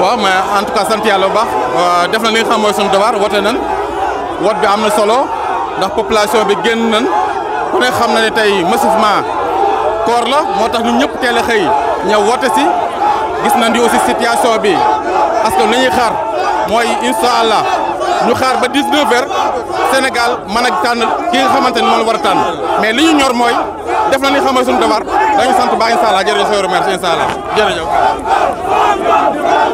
waaw mais en tout cas sant yàlla bu baax euh, def na li nga xam mooy suñu devoir wote nan wot bi am na solo ndax population bi génn nan ku ne xam na ne tey massivement koor la moo tax ñu ñëpp teel a xëy ñëw wote si gis nañ di aussi situation bi parce que li ñuy mooy incha allah ñu xaar ba 19 heures Sénégal mën a tànn ki nga xamante ni moom la war mais li ñu ñor mooy def na li nga xam mooy suñu devoir dañu sant baax incha allah jërëjëf sa merci incha allah jërëjëf